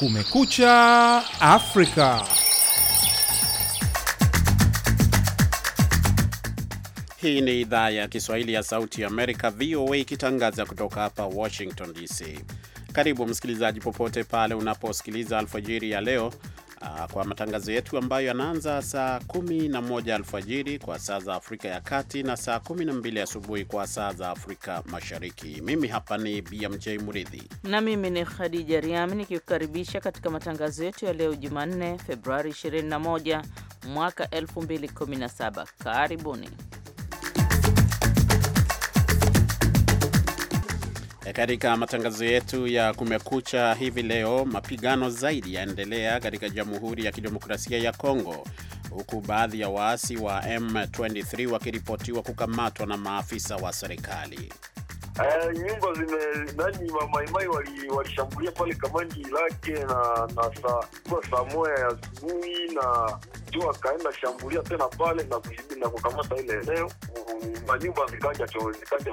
Kumekucha Afrika. Hii ni idhaa ya Kiswahili ya Sauti ya Amerika, VOA, ikitangaza kutoka hapa Washington DC. Karibu msikilizaji, popote pale unaposikiliza alfajiri ya leo Ah, kwa matangazo yetu ambayo yanaanza saa 11 alfajiri kwa saa za Afrika ya Kati na saa 12 asubuhi kwa saa za Afrika Mashariki. Mimi hapa ni BMJ Muridhi na mimi ni Khadija Riami nikikukaribisha katika matangazo yetu ya leo Jumanne, Februari 21 mwaka 2017. Karibuni. E, katika matangazo yetu ya kumekucha hivi leo, mapigano zaidi yaendelea katika Jamhuri ya Kidemokrasia ya Kongo huku baadhi ya waasi wa M23 wakiripotiwa kukamatwa na maafisa wa serikali. Uh, nyumba zime nani mamaimai walishambulia wali pale kamandi lake na na saa moya ya asubuhi na juu akaenda shambulia tena pale na kukamata ile eneo manyumba zikaja zikaja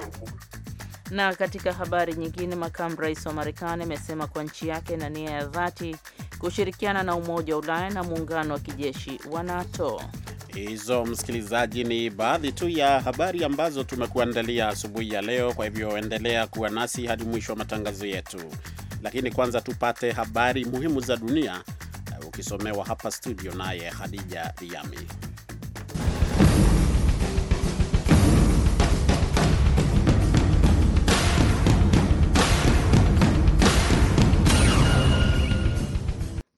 na katika habari nyingine, makamu rais wa Marekani amesema kwa nchi yake na nia ya dhati kushirikiana na Umoja wa Ulaya na muungano wa kijeshi wa NATO. Hizo msikilizaji, ni baadhi tu ya habari ambazo tumekuandalia asubuhi ya leo. Kwa hivyo endelea kuwa nasi hadi mwisho wa matangazo yetu, lakini kwanza tupate habari muhimu za dunia eh, ukisomewa hapa studio naye Hadija Riami.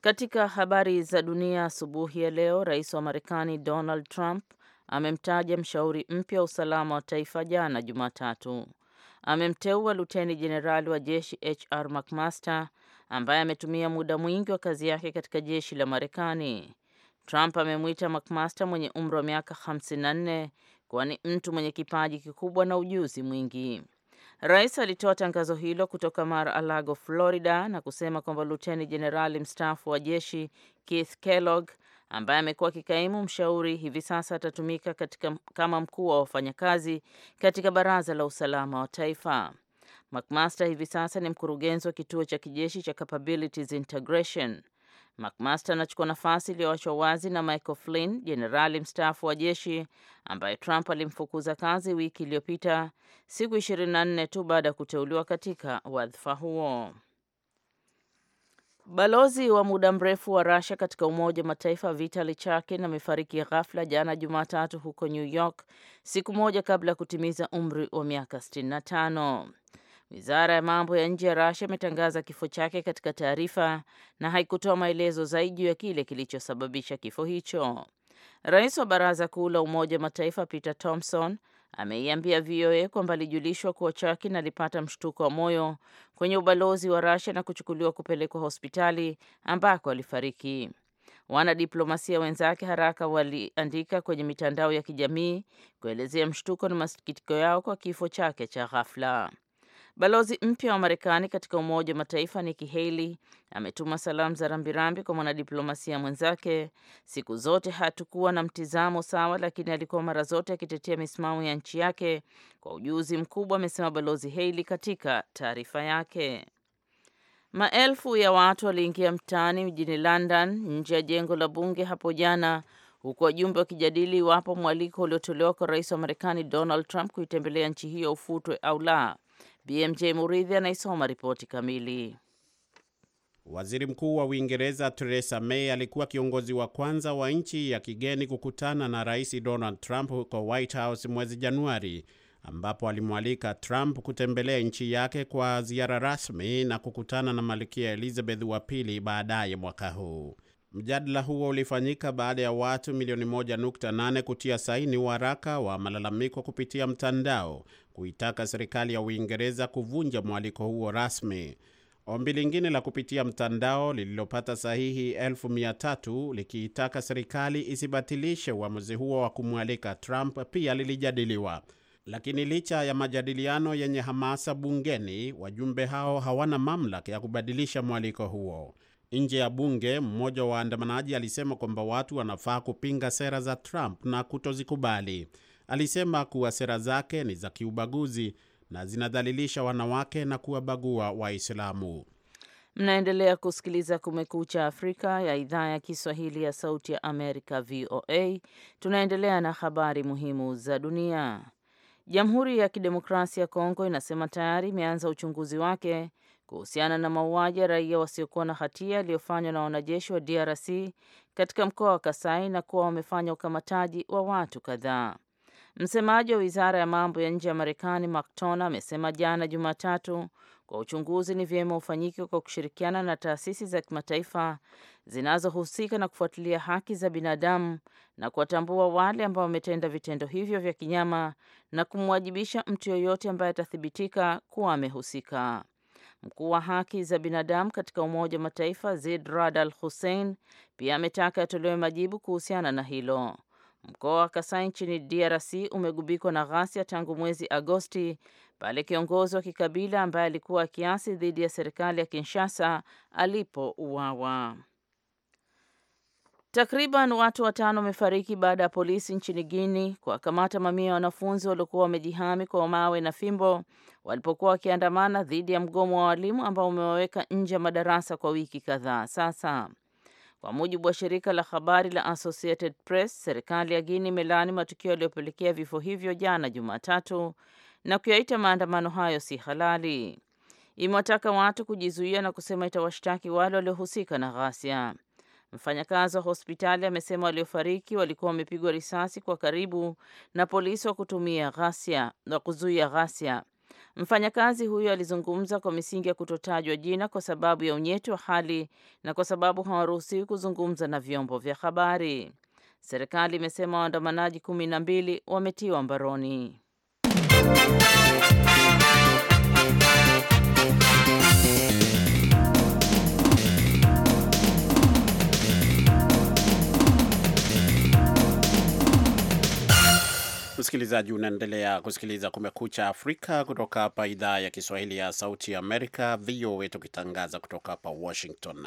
Katika habari za dunia asubuhi ya leo, rais wa Marekani Donald Trump amemtaja mshauri mpya wa usalama wa taifa jana Jumatatu. Amemteua luteni jenerali wa jeshi HR McMaster ambaye ametumia muda mwingi wa kazi yake katika jeshi la Marekani. Trump amemwita McMaster mwenye umri wa miaka 54 kuwa ni mtu mwenye kipaji kikubwa na ujuzi mwingi. Rais alitoa tangazo hilo kutoka Mar-a-Lago, Florida, na kusema kwamba luteni jenerali mstaafu wa jeshi Keith Kellogg ambaye amekuwa akikaimu mshauri hivi sasa atatumika katika kama mkuu wa wafanyakazi katika Baraza la Usalama wa Taifa. McMaster hivi sasa ni mkurugenzi wa kituo cha kijeshi cha Capabilities Integration. McMaster anachukua nafasi iliyoachwa wazi na Michael Flynn, jenerali mstaafu wa jeshi ambaye Trump alimfukuza kazi wiki iliyopita, siku 24 tu baada ya kuteuliwa katika wadhifa huo. Balozi wa muda mrefu wa Russia katika Umoja wa Mataifa Vitali Chakin amefariki ghafla jana Jumatatu huko New York, siku moja kabla ya kutimiza umri wa miaka 65. Wizara ya mambo ya nje ya Rasia imetangaza kifo chake katika taarifa na haikutoa maelezo zaidi juu ya kile kilichosababisha kifo hicho. Rais wa Baraza Kuu la Umoja wa Mataifa Peter Thompson ameiambia VOA kwamba alijulishwa kuwa chakin alipata mshtuko wa moyo kwenye ubalozi wa Rasia na kuchukuliwa kupelekwa hospitali ambako alifariki. Wanadiplomasia wenzake haraka waliandika kwenye mitandao ya kijamii kuelezea mshtuko na masikitiko yao kwa kifo chake cha ghafla. Balozi mpya wa Marekani katika Umoja wa Mataifa Nikki Haley ametuma salamu za rambirambi kwa mwanadiplomasia mwenzake. Siku zote hatukuwa na mtizamo sawa, lakini alikuwa mara zote akitetea misimamo ya nchi yake kwa ujuzi mkubwa, amesema Balozi Haley katika taarifa yake. Maelfu ya watu waliingia mtaani mjini London nje ya jengo la bunge hapo jana huku wajumbe wakijadili iwapo mwaliko uliotolewa kwa rais wa Marekani Donald Trump kuitembelea nchi hiyo ufutwe au la. BMJ Muridhi anaisoma ripoti kamili. Waziri Mkuu wa Uingereza Theresa May alikuwa kiongozi wa kwanza wa nchi ya kigeni kukutana na Rais Donald Trump huko White House mwezi Januari, ambapo alimwalika Trump kutembelea nchi yake kwa ziara rasmi na kukutana na Malkia Elizabeth wa pili baadaye mwaka huu. Mjadala huo ulifanyika baada ya watu milioni 1.8 kutia saini waraka wa malalamiko kupitia mtandao kuitaka serikali ya Uingereza kuvunja mwaliko huo rasmi. Ombi lingine la kupitia mtandao lililopata sahihi elfu mia tatu likiitaka serikali isibatilishe uamuzi huo wa kumwalika Trump pia lilijadiliwa. Lakini licha ya majadiliano yenye hamasa bungeni, wajumbe hao hawana mamlaka ya kubadilisha mwaliko huo. Nje ya bunge, mmoja wa waandamanaji alisema kwamba watu wanafaa kupinga sera za Trump na kutozikubali alisema kuwa sera zake ni za kiubaguzi na zinadhalilisha wanawake na kuwabagua Waislamu. Mnaendelea kusikiliza Kumekucha Afrika ya idhaa ya Kiswahili ya Sauti ya Amerika, VOA. Tunaendelea na habari muhimu za dunia. Jamhuri ya Kidemokrasia ya Kongo inasema tayari imeanza uchunguzi wake kuhusiana na mauaji ya raia wasiokuwa na hatia yaliyofanywa na wanajeshi wa DRC katika mkoa wa Kasai na kuwa wamefanya ukamataji wa watu kadhaa. Msemaji wa wizara ya mambo ya nje ya Marekani Mactona amesema jana Jumatatu kwa uchunguzi ni vyema ufanyike kwa kushirikiana na taasisi za kimataifa zinazohusika na kufuatilia haki za binadamu na kuwatambua wale ambao wametenda vitendo hivyo vya kinyama na kumwajibisha mtu yoyote ambaye atathibitika kuwa amehusika. Mkuu wa haki za binadamu katika Umoja wa Mataifa zidrad Rad Al Hussein pia ametaka yatolewe majibu kuhusiana na hilo. Mkoa wa Kasai nchini DRC umegubikwa na ghasia tangu mwezi Agosti pale kiongozi wa kikabila ambaye alikuwa akiasi dhidi ya serikali ya Kinshasa alipouawa. Takriban watu watano wamefariki baada ya polisi nchini guini kuwakamata mamia ya wanafunzi waliokuwa wamejihami kwa mawe na fimbo walipokuwa wakiandamana dhidi ya mgomo wa walimu ambao umewaweka nje ya madarasa kwa wiki kadhaa sasa. Kwa mujibu wa shirika la habari la Associated Press, serikali ya Guinea imelaani matukio yaliyopelekea vifo hivyo jana Jumatatu na kuyaita maandamano hayo si halali. Imewataka watu kujizuia na kusema itawashtaki wale waliohusika na ghasia. Mfanyakazi wa hospitali amesema waliofariki walikuwa wamepigwa risasi kwa karibu na polisi wa kutumia ghasia na kuzuia ghasia. Mfanyakazi huyo alizungumza kwa misingi ya kutotajwa jina kwa sababu ya unyeti wa hali na kwa sababu hawaruhusiwi kuzungumza na vyombo vya habari. Serikali imesema waandamanaji kumi na mbili wametiwa mbaroni. Msikilizaji, unaendelea kusikiliza Kumekucha Afrika kutoka hapa idhaa ya Kiswahili ya Sauti Amerika, VOA, tukitangaza kutoka hapa Washington.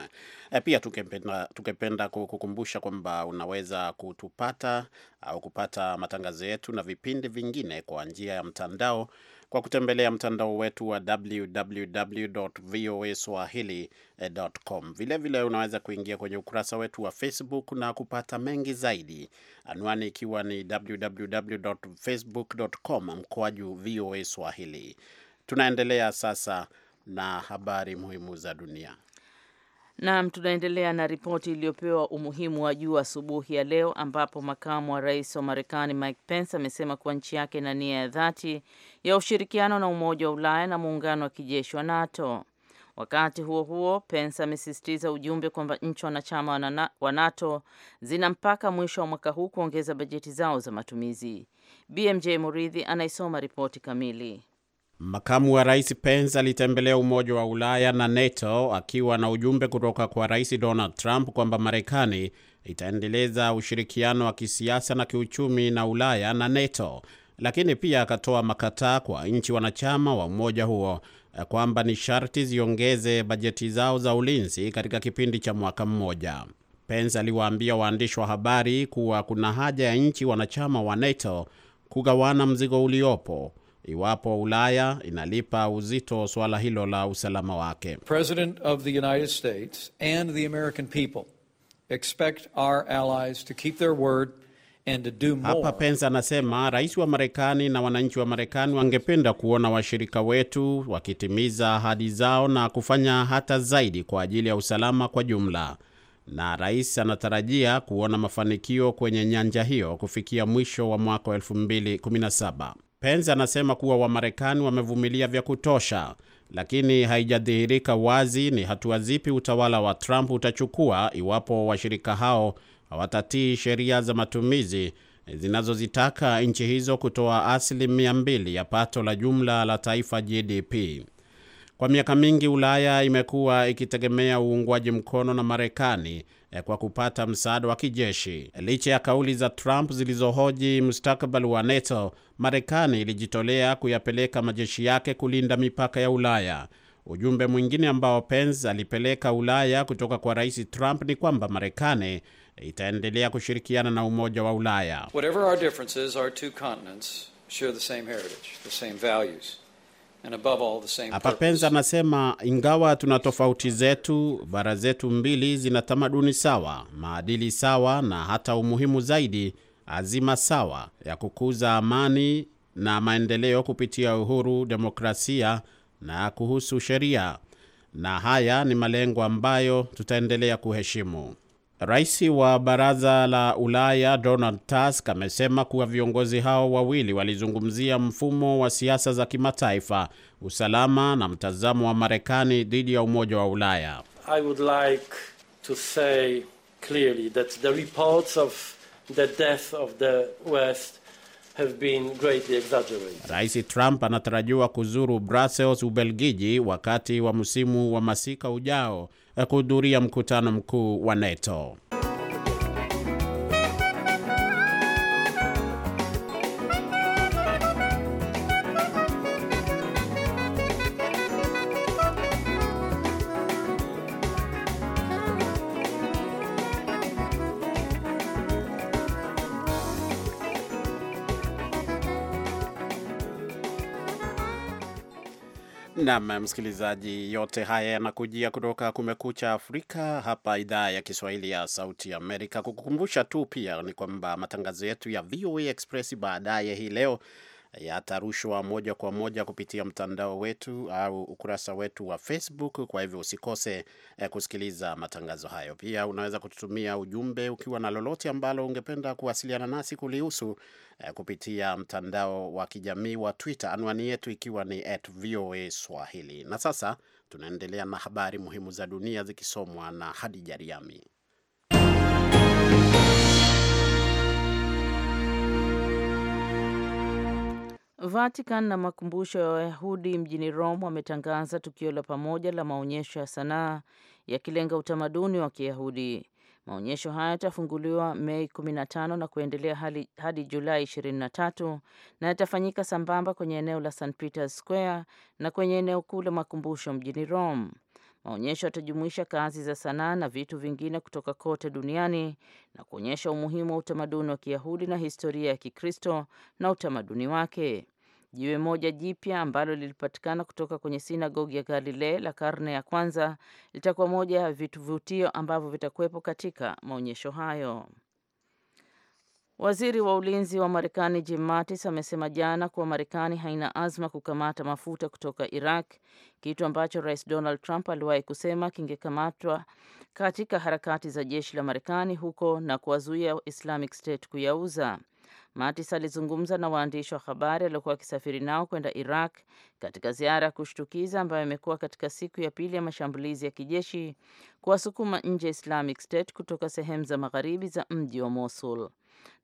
Eh, pia tukependa, tukependa kukukumbusha kwamba unaweza kutupata au kupata matangazo yetu na vipindi vingine kwa njia ya mtandao kwa kutembelea mtandao wetu wa www swahilicom Vilevile unaweza kuingia kwenye ukurasa wetu wa Facebook na kupata mengi zaidi, anwani ikiwa ni www www.facebook.com mkoaju VOA Swahili. Tunaendelea sasa na habari muhimu za dunia. Naam, tunaendelea na ripoti iliyopewa umuhimu wa juu asubuhi ya leo, ambapo makamu wa rais wa Marekani Mike Pence amesema kuwa nchi yake na nia ya dhati ya ushirikiano na Umoja wa Ulaya na muungano wa kijeshi wa NATO. Wakati huo huo, Pence amesisitiza ujumbe kwamba nchi wanachama wa NATO zina mpaka mwisho wa mwaka huu kuongeza bajeti zao za matumizi. BMJ Muridhi anaisoma ripoti kamili. Makamu wa rais Pence alitembelea Umoja wa Ulaya na NATO akiwa na ujumbe kutoka kwa Rais Donald Trump kwamba Marekani itaendeleza ushirikiano wa kisiasa na kiuchumi na Ulaya na NATO, lakini pia akatoa makataa kwa nchi wanachama wa umoja huo kwamba ni sharti ziongeze bajeti zao za ulinzi katika kipindi cha mwaka mmoja. Pence aliwaambia waandishi wa habari kuwa kuna haja ya nchi wanachama wa NATO kugawana mzigo uliopo iwapo Ulaya inalipa uzito suala hilo la usalama wake. President of the United States and the American people expect our allies to keep their word and to do more. Hapa Pence anasema rais wa Marekani na wananchi wa Marekani wangependa kuona washirika wetu wakitimiza ahadi zao na kufanya hata zaidi kwa ajili ya usalama kwa jumla na rais anatarajia kuona mafanikio kwenye nyanja hiyo kufikia mwisho wa mwaka wa 2017. Pence anasema kuwa Wamarekani wamevumilia vya kutosha, lakini haijadhihirika wazi ni hatua zipi utawala wa Trump utachukua iwapo washirika hao hawatatii sheria za matumizi zinazozitaka nchi hizo kutoa asilimia mbili ya pato la jumla la taifa GDP. Kwa miaka mingi Ulaya imekuwa ikitegemea uungwaji mkono na Marekani eh, kwa kupata msaada wa kijeshi. Licha ya kauli za Trump zilizohoji mustakabali wa NATO, Marekani ilijitolea kuyapeleka majeshi yake kulinda mipaka ya Ulaya. Ujumbe mwingine ambao Pence alipeleka Ulaya kutoka kwa Rais Trump ni kwamba Marekani itaendelea kushirikiana na Umoja wa Ulaya. Whatever our differences, our two continents share the same heritage, the same values. And above all the same anasema ingawa tuna tofauti zetu, bara zetu mbili zina tamaduni sawa, maadili sawa, na hata umuhimu zaidi, azima sawa ya kukuza amani na maendeleo kupitia uhuru, demokrasia na kuhusu sheria, na haya ni malengo ambayo tutaendelea kuheshimu. Rais wa Baraza la Ulaya Donald Tusk amesema kuwa viongozi hao wawili walizungumzia mfumo wa siasa za kimataifa, usalama na mtazamo wa Marekani dhidi ya Umoja wa Ulaya. I would like to say clearly that the reports of the death of the West Rais Trump anatarajiwa kuzuru Brussels, Ubelgiji wakati wa msimu wa masika ujao kuhudhuria mkutano mkuu wa NATO. Nam msikilizaji, yote haya yanakujia kutoka Kumekucha Afrika hapa idhaa ya Kiswahili ya Sauti Amerika. Kukukumbusha tu pia ni kwamba matangazo yetu ya VOA Express baadaye hii leo yatarushwa moja kwa moja kupitia mtandao wetu au ukurasa wetu wa Facebook. Kwa hivyo usikose eh, kusikiliza matangazo hayo. Pia unaweza kututumia ujumbe ukiwa na lolote ambalo ungependa kuwasiliana nasi kulihusu eh, kupitia mtandao wa kijamii wa Twitter, anwani yetu ikiwa ni at VOA Swahili. Na sasa tunaendelea na habari muhimu za dunia zikisomwa na Hadija Riami. Vatican na makumbusho ya Wayahudi mjini Rome wametangaza tukio la pamoja la maonyesho ya sanaa yakilenga utamaduni wa Kiyahudi. Maonyesho haya yatafunguliwa Mei 15 na kuendelea hadi, hadi Julai 23 na yatafanyika sambamba kwenye eneo la St Peter's Square na kwenye eneo kuu la makumbusho mjini Rome. Maonyesho yatajumuisha kazi za sanaa na vitu vingine kutoka kote duniani na kuonyesha umuhimu wa utamaduni wa Kiyahudi na historia ya Kikristo na utamaduni wake. Jiwe moja jipya ambalo lilipatikana kutoka kwenye sinagogi ya Galilea la karne ya kwanza litakuwa moja ya vituvutio ambavyo vitakuwepo katika maonyesho hayo. Waziri wa ulinzi wa Marekani Jim Mattis amesema jana kuwa Marekani haina azma kukamata mafuta kutoka Iraq, kitu ambacho Rais Donald Trump aliwahi kusema kingekamatwa katika harakati za jeshi la Marekani huko na kuwazuia Islamic State kuyauza. Mattis alizungumza na waandishi wa habari aliokuwa akisafiri nao kwenda Iraq katika ziara ya kushtukiza ambayo imekuwa katika siku ya pili ya mashambulizi ya kijeshi kuwasukuma nje Islamic State kutoka sehemu za magharibi za mji wa Mosul.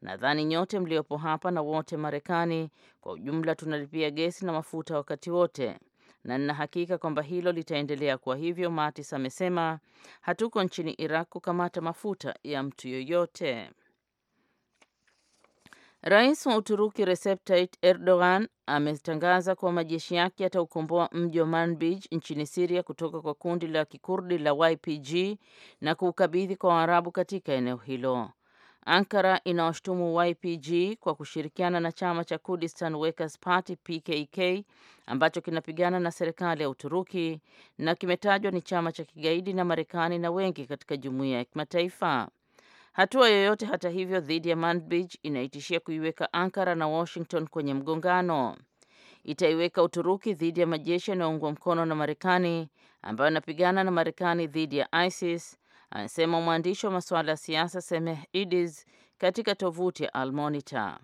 Nadhani nyote mliopo hapa na wote Marekani kwa ujumla tunalipia gesi na mafuta wakati wote na nina hakika kwamba hilo litaendelea kuwa hivyo, Mattis amesema. Hatuko nchini Iraq kukamata mafuta ya mtu yoyote. Rais wa Uturuki Recep Tayyip Erdogan ametangaza kuwa majeshi yake yataukomboa mji wa Manbij nchini Siria kutoka kwa kundi la Kikurdi la YPG na kuukabidhi kwa Waarabu katika eneo hilo. Ankara inawashutumu YPG kwa kushirikiana na chama cha Kurdistan Workers Party PKK ambacho kinapigana na serikali ya Uturuki na kimetajwa ni chama cha kigaidi na Marekani na wengi katika jumuiya ya kimataifa. Hatua yoyote hata hivyo dhidi ya Manbij inaitishia kuiweka Ankara na Washington kwenye mgongano. Itaiweka Uturuki dhidi ya majeshi yanayoungwa mkono na Marekani ambayo yanapigana na Marekani dhidi ya ISIS anasema mwandishi wa masuala ya siasa Semeh Idis katika tovuti ya Almonita.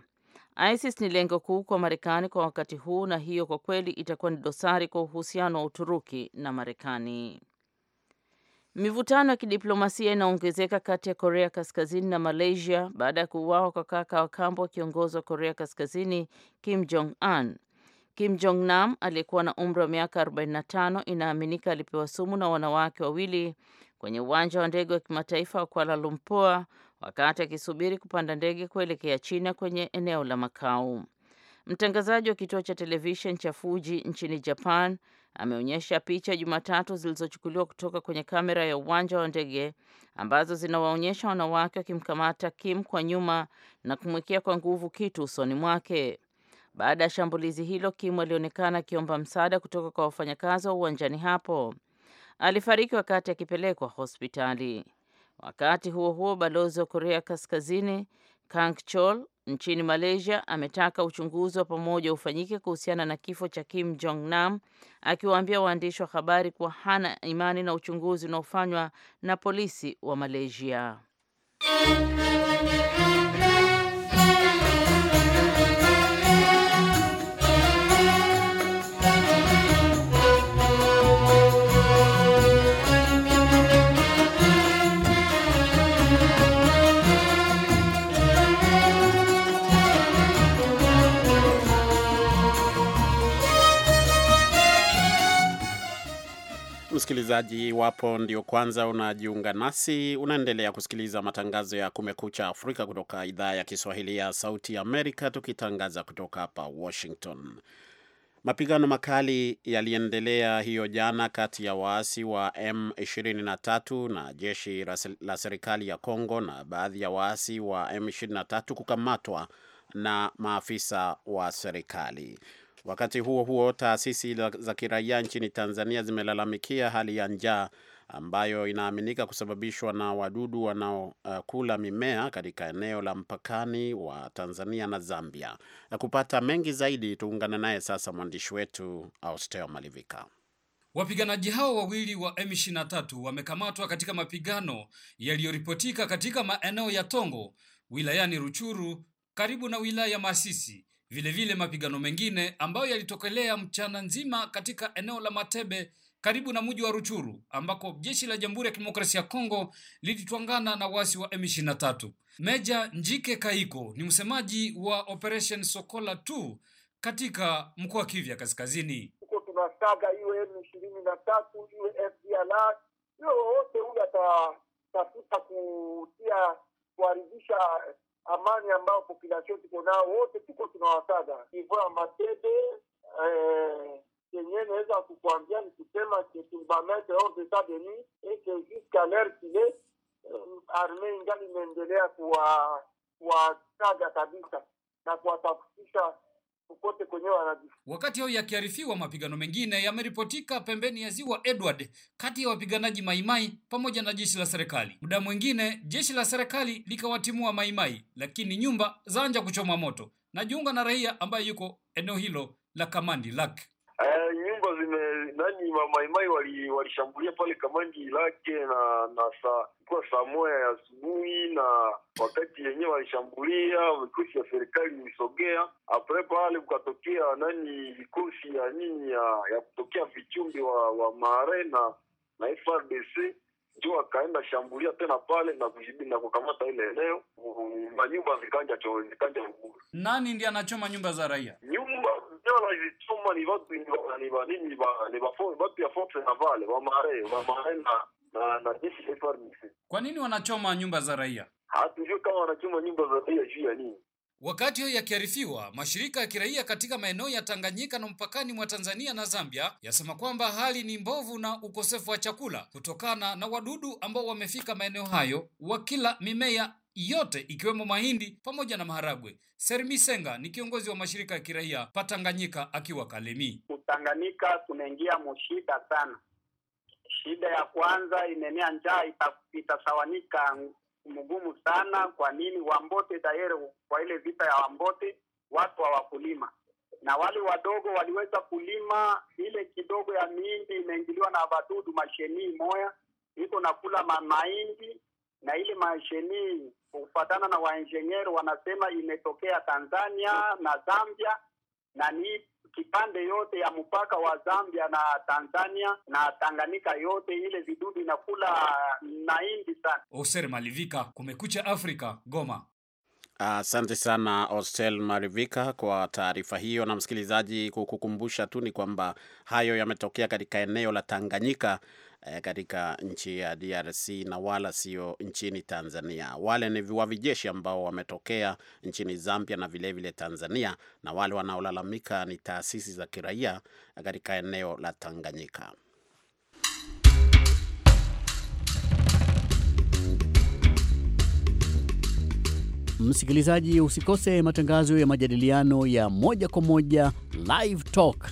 ISIS ni lengo kuu kwa Marekani kwa wakati huu, na hiyo kwa kweli itakuwa ni dosari kwa uhusiano wa Uturuki na Marekani. Mivutano ya kidiplomasia inaongezeka kati ya Korea Kaskazini na Malaysia baada ya kuuawa kwa kaka wa kambo wa kiongozi wa Korea Kaskazini Kim Jong Un. Kim Jong Nam aliyekuwa na umri wa miaka 45 inaaminika alipewa sumu na wanawake wawili kwenye uwanja wa ndege wa kimataifa wa Kuala Lumpur wakati akisubiri kupanda ndege kuelekea China kwenye eneo la makao. Mtangazaji wa kituo cha televishen cha Fuji nchini Japan ameonyesha picha Jumatatu zilizochukuliwa kutoka kwenye kamera ya uwanja wa ndege ambazo zinawaonyesha wanawake wakimkamata Kim kwa nyuma na kumwekea kwa nguvu kitu usoni mwake. Baada ya shambulizi hilo, Kim alionekana akiomba msaada kutoka kwa wafanyakazi wa uwanjani hapo alifariki wakati akipelekwa hospitali. Wakati huo huo, balozi wa Korea Kaskazini Kang Chol nchini Malaysia ametaka uchunguzi wa pamoja ufanyike kuhusiana na kifo cha Kim Jong Nam, akiwaambia waandishi wa habari kuwa hana imani na uchunguzi unaofanywa na polisi wa Malaysia. msikilizaji, iwapo ndio kwanza unajiunga nasi, unaendelea kusikiliza matangazo ya Kumekucha Afrika kutoka idhaa ya Kiswahili ya Sauti Amerika, tukitangaza kutoka hapa Washington. Mapigano makali yaliendelea hiyo jana kati ya waasi wa M23 na jeshi la serikali ya congo na baadhi ya waasi wa M23 kukamatwa na maafisa wa serikali. Wakati huo huo, taasisi za kiraia nchini Tanzania zimelalamikia hali ya njaa ambayo inaaminika kusababishwa na wadudu wanaokula eh, uh, mimea katika eneo la mpakani wa Tanzania na Zambia. Na kupata mengi zaidi, tuungane naye sasa mwandishi wetu Austeo Malivika. Wapiganaji hao wawili wa M23 wamekamatwa katika mapigano yaliyoripotika katika maeneo ya Tongo wilayani Ruchuru karibu na wilaya Masisi Vilevile mapigano mengine ambayo yalitokelea mchana nzima katika eneo la Matebe karibu na mji wa Ruchuru ambako jeshi la Jamhuri ya Kidemokrasia ya Kongo lilitwangana na wasi wa M23. Meja Njike Kaiko ni msemaji wa Operation Sokola 2 katika mkoa wa Kivu Kaskazini. Huko tunasaga iwe M23, iwe FDLR, hiyo wote huyu atatafuta kutia kuharibisha amani ambayo population tuko nao wote tuko tunawasaga ivo ya eh, kenye naweza kukuambia ni kusema ke tulibamete hors d'etat de nuit eke jusqu'à l'heure kile euh, arme ingali imeendelea kuwasaga kabisa na kuwatafutisha popote kwenyewe wanajificha. Wakati hayo yakiarifiwa, mapigano mengine yameripotika pembeni ya ziwa Edward kati ya wapiganaji Maimai pamoja na jeshi la serikali. Muda mwingine jeshi la serikali likawatimua Maimai, lakini nyumba zaanza kuchoma moto. Najiunga na raia ambaye yuko eneo hilo la Kamandi Lake. Yaani mamaimai walishambulia wali pale kamandi lake na na saa kwa saa ya asubuhi, na wakati yenyewe walishambulia vikosi ya serikali ilisogea apre pale, kukatokea nani vikosi ya nini ya, ya kutokea vichumbi wa, wa mare na na FRDC ndio akaenda shambulia tena pale na kujibi na kukamata ile eneo, manyumba zikanja zikanja. Nani ndiye anachoma nyumba za raia? nyumba by'abantu ntibadwinyoba na jeshi la FARDC. Kwa nini wanachoma nyumba za raia? Hatujui kama wanachoma nyumba za raia juu ya nini. Wakati hayo yakiarifiwa, mashirika ya kiraia katika maeneo ya Tanganyika na mpakani mwa Tanzania na Zambia yasema kwamba hali ni mbovu na ukosefu wa chakula kutokana na wadudu ambao wamefika maeneo hayo wakila mimea yote ikiwemo mahindi pamoja na maharagwe. Sermisenga ni kiongozi wa mashirika ya kiraia Patanganyika akiwa Kalemi. Mtanganyika tunaingia mushida sana. Shida ya kwanza inenea njaa itasawanika mgumu sana. Kwa nini? Wambote tayari kwa ile vita ya Wambote watu hawakulima na wale wadogo waliweza kulima ile kidogo ya mihindi, imeingiliwa na wadudu mashenii moya iko nakula mahindi na ile mashenii kufuatana na waengineer wanasema imetokea Tanzania na Zambia na ni kipande yote ya mpaka wa Zambia na Tanzania na Tanganyika yote ile vidudu inakula mahindi sana. Oser Malivika, Kumekucha Afrika, Goma. Asante uh, sana Hostel Marivika kwa taarifa hiyo. Na msikilizaji, kukukumbusha tu ni kwamba hayo yametokea katika eneo la Tanganyika eh, katika nchi ya DRC na wala sio nchini Tanzania. Wale ni wavijeshi ambao wametokea nchini Zambia na vilevile vile Tanzania, na wale wanaolalamika ni taasisi za kiraia katika eneo la Tanganyika. Msikilizaji, usikose matangazo ya majadiliano ya moja kwa moja Live Talk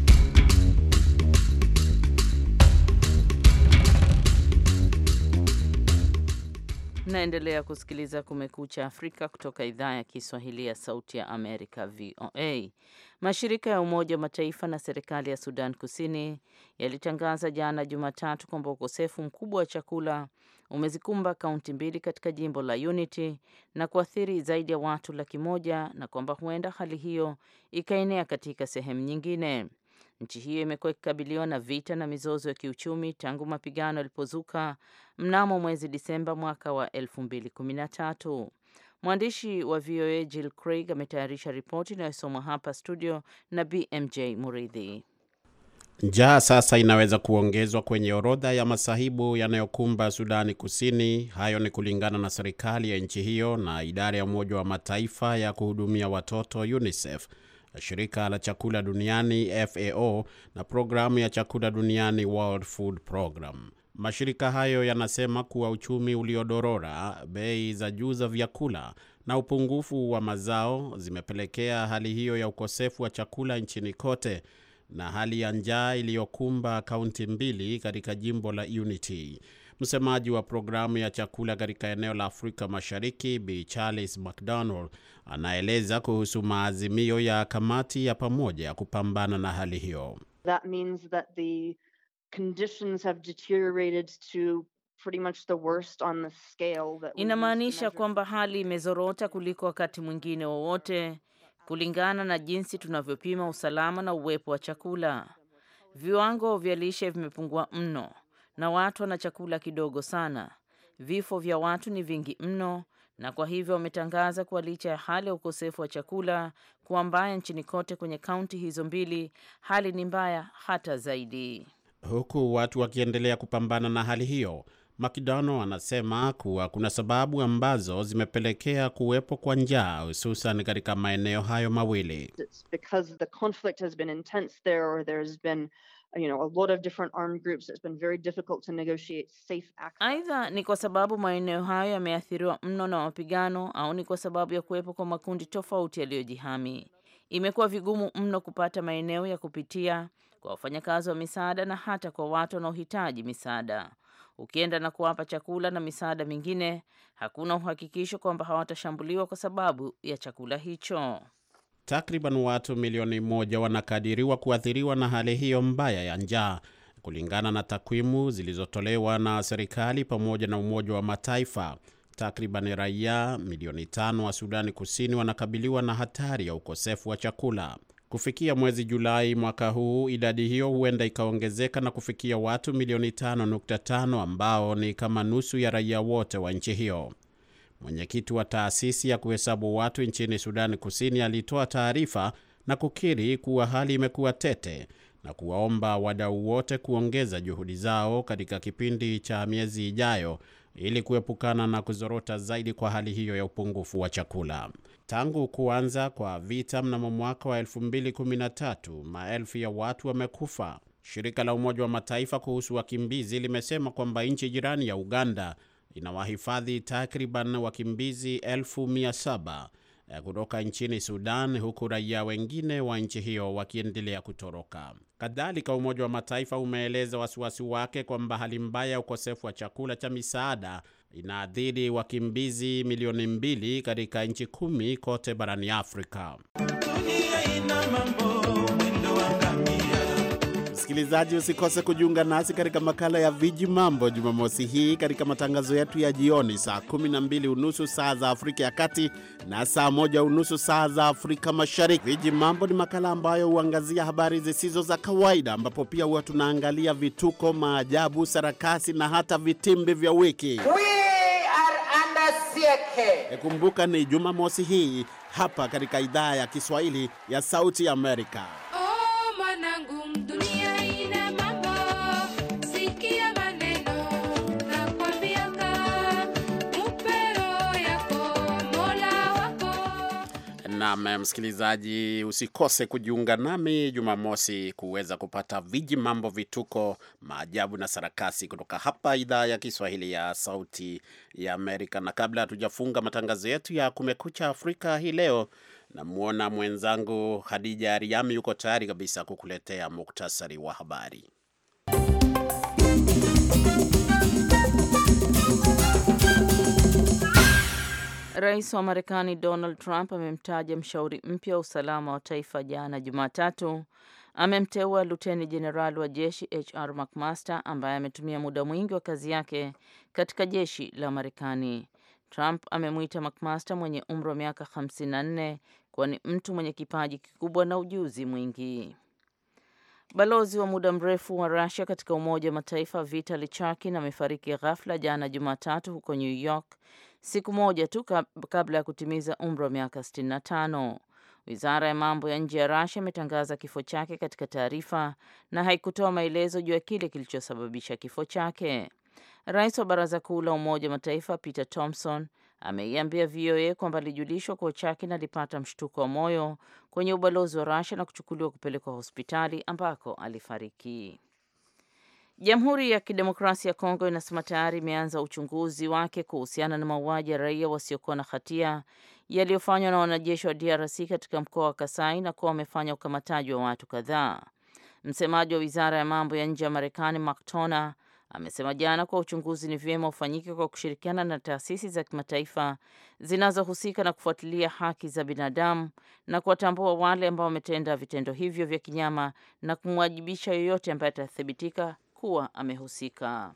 naendelea kusikiliza Kumekucha Afrika kutoka idhaa ya Kiswahili ya Sauti ya Amerika, VOA. Mashirika ya Umoja wa Mataifa na serikali ya Sudan Kusini yalitangaza jana Jumatatu kwamba ukosefu mkubwa wa chakula umezikumba kaunti mbili katika jimbo la Unity na kuathiri zaidi ya watu laki moja na kwamba huenda hali hiyo ikaenea katika sehemu nyingine. Nchi hiyo imekuwa ikikabiliwa na vita na mizozo ya kiuchumi tangu mapigano yalipozuka mnamo mwezi Disemba mwaka wa 2013. Mwandishi wa VOA Jill Craig ametayarisha ripoti inayosomwa hapa studio na BMJ Muridhi. Njaa sasa inaweza kuongezwa kwenye orodha ya masahibu yanayokumba Sudani Kusini. Hayo ni kulingana na serikali ya nchi hiyo na idara ya Umoja wa Mataifa ya kuhudumia watoto UNICEF shirika la chakula duniani FAO na programu ya chakula duniani World Food Program. Mashirika hayo yanasema kuwa uchumi uliodorora, bei za juu za vyakula na upungufu wa mazao zimepelekea hali hiyo ya ukosefu wa chakula nchini kote na hali ya njaa iliyokumba kaunti mbili katika jimbo la Unity. Msemaji wa programu ya chakula katika eneo la Afrika Mashariki, Bi Charles McDonald, anaeleza kuhusu maazimio ya kamati ya pamoja ya kupambana na hali hiyo. That means that the conditions have deteriorated to inamaanisha kwamba hali imezorota kuliko wakati mwingine wowote kulingana na jinsi tunavyopima usalama na uwepo wa chakula. Viwango vya lishe vimepungua mno na watu wana chakula kidogo sana. Vifo vya watu ni vingi mno, na kwa hivyo wametangaza kuwa licha ya hali ya ukosefu wa chakula kuwa mbaya nchini kote kwenye kaunti hizo mbili, hali ni mbaya hata zaidi, huku watu wakiendelea kupambana na hali hiyo. Makidano anasema kuwa kuna sababu ambazo zimepelekea kuwepo kwa njaa hususan katika maeneo hayo mawili. It's you know, a lot of different armed groups. It's been very difficult to negotiate safe access. Aidha, ni kwa sababu maeneo hayo yameathiriwa mno na mapigano au ni kwa sababu ya kuwepo kwa makundi tofauti yaliyojihami. Imekuwa vigumu mno kupata maeneo ya kupitia kwa wafanyakazi wa misaada na hata kwa watu wanaohitaji misaada. Ukienda na kuwapa chakula na misaada mingine, hakuna uhakikisho kwamba hawatashambuliwa kwa sababu ya chakula hicho. Takriban watu milioni moja wanakadiriwa kuathiriwa na hali hiyo mbaya ya njaa kulingana na takwimu zilizotolewa na serikali pamoja na Umoja wa Mataifa. Takriban raia milioni tano wa Sudani Kusini wanakabiliwa na hatari ya ukosefu wa chakula. Kufikia mwezi Julai mwaka huu, idadi hiyo huenda ikaongezeka na kufikia watu milioni 5.5 ambao ni kama nusu ya raia wote wa nchi hiyo. Mwenyekiti wa taasisi ya kuhesabu watu nchini Sudani Kusini alitoa taarifa na kukiri kuwa hali imekuwa tete na kuwaomba wadau wote kuongeza juhudi zao katika kipindi cha miezi ijayo ili kuepukana na kuzorota zaidi kwa hali hiyo ya upungufu wa chakula. Tangu kuanza kwa vita mnamo mwaka wa 2013 maelfu ya watu wamekufa. Shirika la Umoja wa Mataifa kuhusu wakimbizi limesema kwamba nchi jirani ya Uganda inawahifadhi takriban wakimbizi elfu mia saba eh, kutoka nchini Sudan, huku raia wengine wa nchi hiyo wakiendelea kutoroka. Kadhalika, Umoja wa Mataifa umeeleza wasiwasi wake kwamba hali mbaya ya ukosefu wa chakula cha misaada inaathiri wakimbizi milioni mbili katika nchi kumi kote barani Afrika. Dunia ina mambo Msikilizaji, usikose kujiunga nasi katika makala ya Viji Mambo Jumamosi hii katika matangazo yetu ya jioni saa 12 unusu saa za Afrika ya Kati na saa moja unusu saa za Afrika Mashariki. Viji Mambo ni makala ambayo huangazia habari zisizo za kawaida, ambapo pia huwa tunaangalia vituko, maajabu, sarakasi na hata vitimbi vya wiki. Kumbuka ni Jumamosi hii hapa katika idhaa ya Kiswahili ya Sauti Amerika. Oh, Naam, eh, msikilizaji, usikose kujiunga nami Jumamosi kuweza kupata viji mambo, vituko, maajabu na sarakasi kutoka hapa idhaa ya Kiswahili ya Sauti ya Amerika. Na kabla hatujafunga matangazo yetu ya Kumekucha Afrika hii leo, namwona mwenzangu Hadija Ariami yuko tayari kabisa kukuletea muktasari wa habari. Rais wa Marekani Donald Trump amemtaja mshauri mpya wa usalama wa taifa jana Jumatatu. Amemteua luteni jenerali wa jeshi HR McMaster ambaye ametumia muda mwingi wa kazi yake katika jeshi la Marekani. Trump amemwita McMaster mwenye umri wa miaka 54 kuwa ni mtu mwenye kipaji kikubwa na ujuzi mwingi. Balozi wa muda mrefu wa rusia katika Umoja wa Mataifa Vitali Charkin amefariki ghafla jana Jumatatu huko New York siku moja tu kabla ya kutimiza umri wa miaka 65. Wizara ya mambo ya nje ya Rasia imetangaza kifo chake katika taarifa na haikutoa maelezo juu ya kile kilichosababisha kifo chake. Rais wa Baraza Kuu la Umoja wa Mataifa Peter Thompson ameiambia VOA kwamba alijulishwa kuwa na alipata mshtuko wa moyo kwenye ubalozi wa Rasia na kuchukuliwa kupelekwa hospitali ambako alifariki. Jamhuri ya Kidemokrasia ya Kongo inasema tayari imeanza uchunguzi wake kuhusiana na mauaji ya raia wasiokuwa na hatia yaliyofanywa na wanajeshi wa DRC katika mkoa wa Kasai na kuwa wamefanya ukamataji wa watu kadhaa. Msemaji wa wizara ya mambo ya nje ya Marekani Mactona amesema jana kuwa uchunguzi ni vyema ufanyike kwa kushirikiana na taasisi za kimataifa zinazohusika na kufuatilia haki za binadamu na kuwatambua wale ambao wametenda vitendo hivyo vya kinyama na kumwajibisha yoyote ambaye atathibitika kuwa amehusika.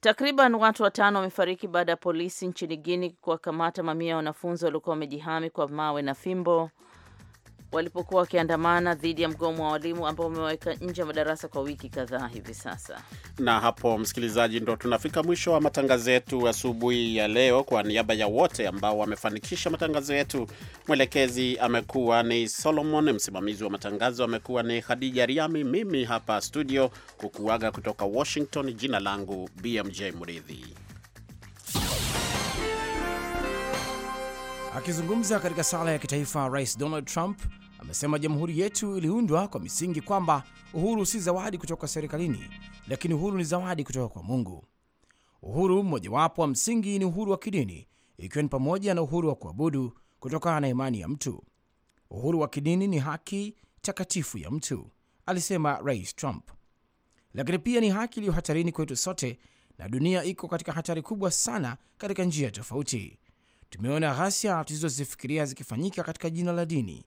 Takriban watu watano wamefariki baada ya polisi nchini Guinea kuwakamata mamia ya wanafunzi waliokuwa wamejihami kwa mawe na fimbo walipokuwa wakiandamana dhidi ya mgomo wa walimu ambao umewaweka nje ya madarasa kwa wiki kadhaa hivi sasa. Na hapo, msikilizaji, ndo tunafika mwisho wa matangazo yetu asubuhi ya leo. Kwa niaba ya wote ambao wamefanikisha matangazo yetu, mwelekezi amekuwa ni Solomon, msimamizi wa matangazo amekuwa ni Khadija Riami, mimi hapa studio kukuaga kutoka Washington, jina langu BMJ Mridhi. Akizungumza katika sala ya kitaifa, Rais Donald Trump amesema jamhuri yetu iliundwa kwa misingi kwamba uhuru si zawadi kutoka serikalini, lakini uhuru ni zawadi kutoka kwa Mungu. Uhuru mmojawapo wa msingi ni uhuru wa kidini, ikiwa ni pamoja na uhuru wa kuabudu kutokana na imani ya mtu. Uhuru wa kidini ni haki takatifu ya mtu, alisema Rais Trump, lakini pia ni haki iliyo hatarini kwetu sote, na dunia iko katika hatari kubwa sana katika njia tofauti. Tumeona ghasia tulizozifikiria zikifanyika katika jina la dini,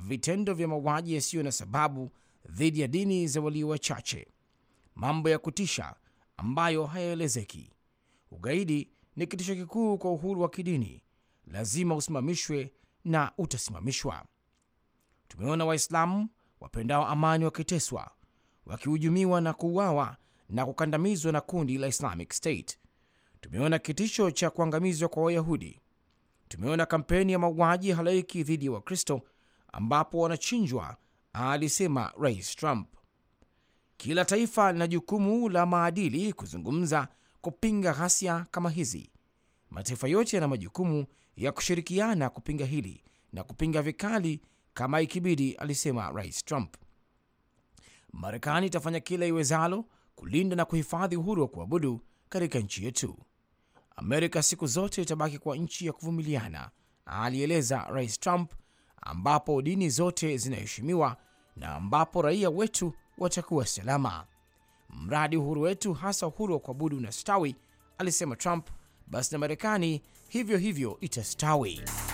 vitendo vya mauaji yasiyo na sababu dhidi ya dini za walio wachache, mambo ya kutisha ambayo hayaelezeki. Ugaidi ni kitisho kikuu kwa uhuru wa kidini, lazima usimamishwe na utasimamishwa. Tumeona Waislamu wapendao amani wakiteswa, wakihujumiwa na kuuawa na kukandamizwa na kundi la Islamic State. Tumeona kitisho cha kuangamizwa kwa Wayahudi. Tumeona kampeni ya mauaji halaiki dhidi ya Wakristo ambapo wanachinjwa, alisema Rais Trump. Kila taifa lina jukumu la maadili kuzungumza kupinga ghasia kama hizi. Mataifa yote yana majukumu ya kushirikiana kupinga hili na kupinga vikali kama ikibidi, alisema Rais Trump. Marekani itafanya kila iwezalo kulinda na kuhifadhi uhuru wa kuabudu katika nchi yetu. Amerika siku zote itabaki kwa nchi ya kuvumiliana, alieleza Rais Trump ambapo dini zote zinaheshimiwa na ambapo raia wetu watakuwa salama. Mradi uhuru wetu, hasa uhuru wa kuabudu, unastawi, alisema Trump. Basi na Marekani hivyo hivyo itastawi.